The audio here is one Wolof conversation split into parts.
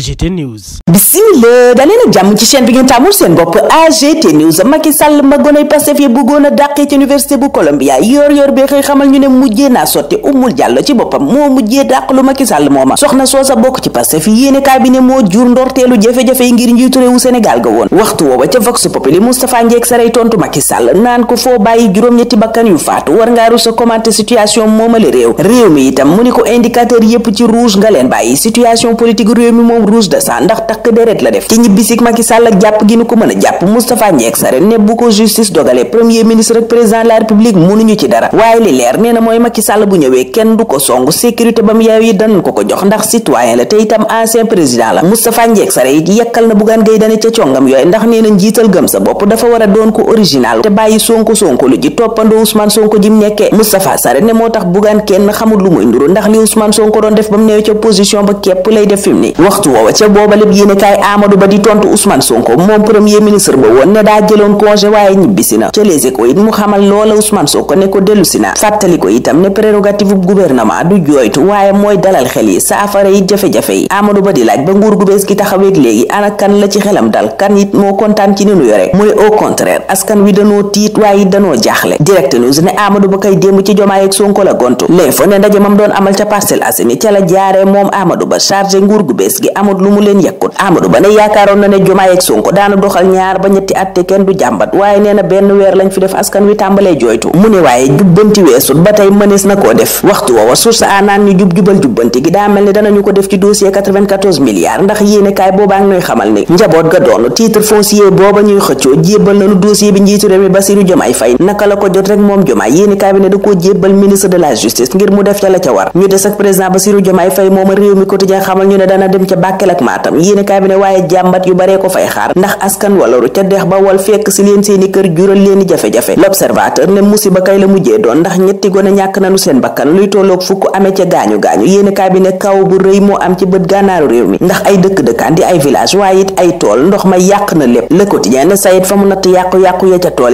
AGT News. bisimila daleen jàmm ci chaîne bi ngeen tàmmul seen bopp AGT News Macky Sall ma goney Pastef yi bëggoon a dàqee ci université bu Columbia yor yor bi xëy xamal ñu ne mujjee naa sotti Oumou Diallo ci boppam moo mujjee dàq lu Macky Sall moo ma soxna soo sa bokk ci Pastef yéene cabinet moo jur ndorteelu jafe-jafe yi ngir njiitu réewu Sénégal ga woon waxtu woowa ca Vox Populi Moustapha Ndiek Saray tontu Macky Sall naan ko foo bàyyi juróom-ñetti bakkan rouge de sang ndax takk deret la def ci ñibbisik Macky Sall jàpp gi nu ko mën a jàpp Moustapha Ndiek Sarr ne moo tax Bougane kenn xamul lu muy nduru ndax li Ousmane Sonko doon def ba mu newee ca opposition ba képp lay def ni waxtu waxtu woowa ca booba lépp yéenekaay Amadou Ba di tontu Ousmane Sonko moom premier ministre ba woon ne daa jëloon congé waaye ñibbisi na ca Les Échos it mu xamal loola Ousmane Sonko ne ko dellusi na fàttali ko itam ne prérogative bu gouvernement du jooytu waaye mooy dalal xel yi saafara yi Amadou Ba kay démb ci Jomaay ak Sonko la gontu l'info ne ndaje mam doon amal ca Parcelles Assainies ca la jaaree moom Amadou Ba chargé nguur gu bees gi milliards ndax yéene kaay boobaa ngi xamal ni njaboot ga doon titre foncier booba ñuy xëccoo jébbal nañu dossier bi njiitu réew mi Bassirou Jomaay Fay naka la ko jot rek moom Jomaay yéene kaay bi ne da koo ministre de la justice ngir mu def ca la ca war ñu des ak président Bassirou Jomaay Fay mooma réew mi quotidien xamal ñu ne dana dem ca Bakel ak Matam yéenekaay bi ne waaye jàmbat yu baree ko fay xaar ndax askan walaru ca dex ba wal fekk si leen seeni kër jural leeni jafe-jafe l'observateur ne musiba kay la mujjee doon ndax ñetti gone ñàkk nanu seen bakkan luy tolloog fukk amee ca gaañu-gaañu yéenekaay bi ne kaw bu rëy moo am ci bët gànnaaru réew mi ndax ay dëkk-dëkkaan di ay village waaye it ay tool ndox ma yàq na lépp le quotidien sayit fa mu natt yàqu-yàqu ya ca tool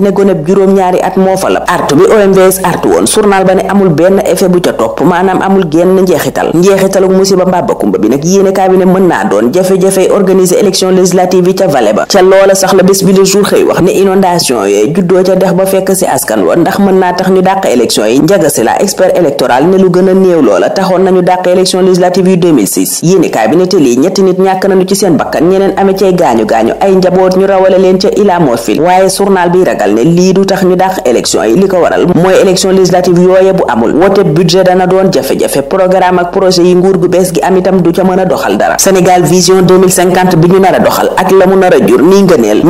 bi ne gone juróom-ñaari at moo fa lab bi OMVS artu woon journal ba ne amul benn effet bu ca topp maanaam amul génn njeexital njeexitalu musiba mbàbbakumba bi nag yéenekaay bi bi ne mën naa tax ñu dàq élection yi njaga si la expert électoral ne lu gën a néew loola taxoon nañu dàq élection législative yu 2006 yéenekaay bi ne te ñetti nit ñàkk nañu ci seen bakkan ñeneen amee cay gaañu gaañu ay njaboot ñu rawale leen ca Ila Morphil waaye journal bi leeral ne lii du tax ñu dàq élection yi li ko waral mooy élection législative yooye bu amul wote budget dana doon jafe-jafe programme ak projet yi nguur gu bees gi am itam bi ñu nar a doxal ak la mu nar a jur ni ngëneel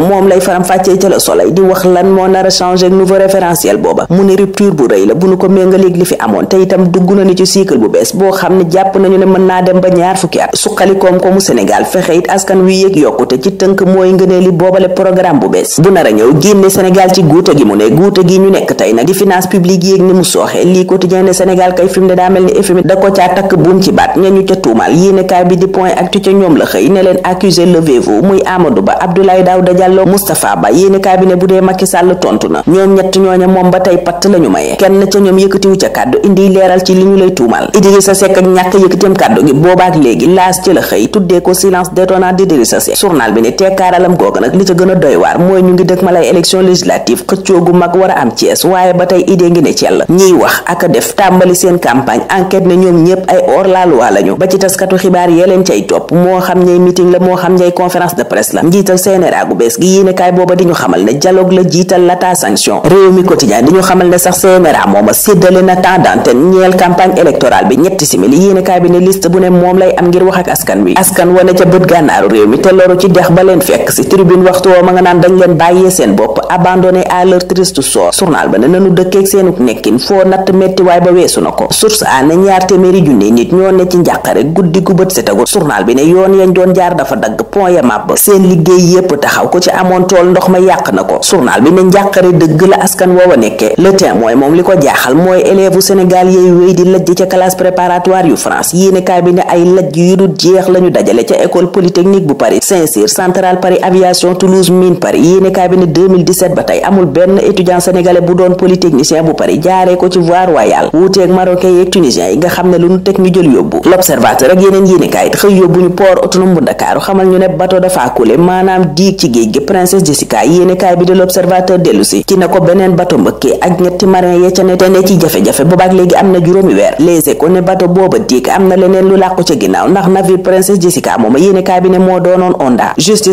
moom lay faram-fàccee ca di wax lan moo a changer nouveau référentiel booba mu ne rupture bu rëy la bu ñu ko méngaleeg li fi amoon dugg na ni ci cycle bu bees boo xam ne jàpp nañu ne mën naa dem ba ñaar fukki at suqali koom mu Sénégal fexe it askan wi yëg yokkute ci tënk mooy ngëneeli boobale programme bu bees bu nar ñëw génne Sénégal ci guuta gi mu ne guuta gi ñu nekk tey nag di finance publique yéeg ni mu sooxe lii ko caa la xëy ne leen accusé levez muy Amadou Ba Abdoulaye Daouda Diallo Moustapha Ba yéenekaay bi ne bu dee Macky Sall tontu na ñoom ñett ñooña moom ba tey patt lañu maye kenn ca ñoom yëkkatiwu ca kàddu indi leeral ci li ñu lay tuumal Idrissa Seck ak ñàkk yëkkatiam kàddu gi boobaak léegi la yaakaaralam googu nag li ca gën a doy waar mooy ñu ngi dëkk ma lay élection législative xëccoo gu mag war a am Thiès waaye ba tey idée ngi ne ci ñiy wax ak def tàmbali seen campagne enquête ne ñoom ñëpp ay hors la lañu ba ci taskatu xibaar yee leen cay topp moo xam ñay meeting la moo xam ñay conférence de presse la njiital CNRA gu bees gi yéenekaay booba di ñu xamal ne dialogue la jiital la ta sanction réew mi quotidien di ñu xamal ne sax CNRA mooma fekk si tribune waxtu woo ma nga naan dañ leen bàyyee seen bopp abandonné à leur triste sort ba ne nanu dëkkeeg seenuk nekkin foo natt metti waay ba weesu na ko source a ñaar téeméeri junni nit ñoo ne ci njàqare guddi gu bët setagul journal bi ne yoon yañ doon jaar dafa dagg pont ya màbb seen liggéey yépp taxaw ko ci amoon tool ndox ma yàq na ko journal bi ne njàqare dëgg la askan woowa nekkee le témoin moom li ko jaaxal mooy élève u national aviation Toulouse mine Paris yéenekaay bi ne ba tey amul benn étudiant sénégalais bu doon polytechnicien bu Paris jaaree ko ci voie royale wuuteeg marocain yeeg tunisien yi nga xam ne lu nu teg ñu jël yóbbu l'observateur ak yeneen yéenekaay xëy yóbbu ñu port autonome bu Ndakaaru xamal ñu ne bateau dafa coulé maanaam diig ci géej gi princesse Jessica yéenekaay bi de l'observateur dellu si ne ko beneen bateau mbëkkee ak ñetti marin ya ca ne te ne ci jafe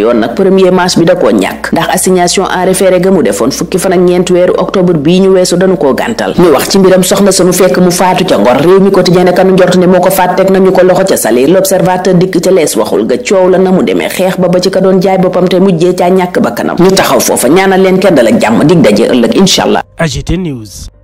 yoon nag premier match bi da koo ñàkk ndax assignation en référé ga mu defoon fukki fan ak ñeent weeru octobre bii ñu weesu dañu ko gàntal ñu wax ci mbiram soxna nu fekk mu faatu ca ngor réew mi quotidien ne kanu njort ne moo ko faat teg nañu ko loxo ca salir l'observateur dikk ca lees waxul ga coow la na mu demee xeex ba ba ci ka doon jaay boppam te mujjee caa ñàkk ba kanam ñu taxaw foofa ñaanal leen kenn dal jàmm dig daje ëllëg incha allah AGT News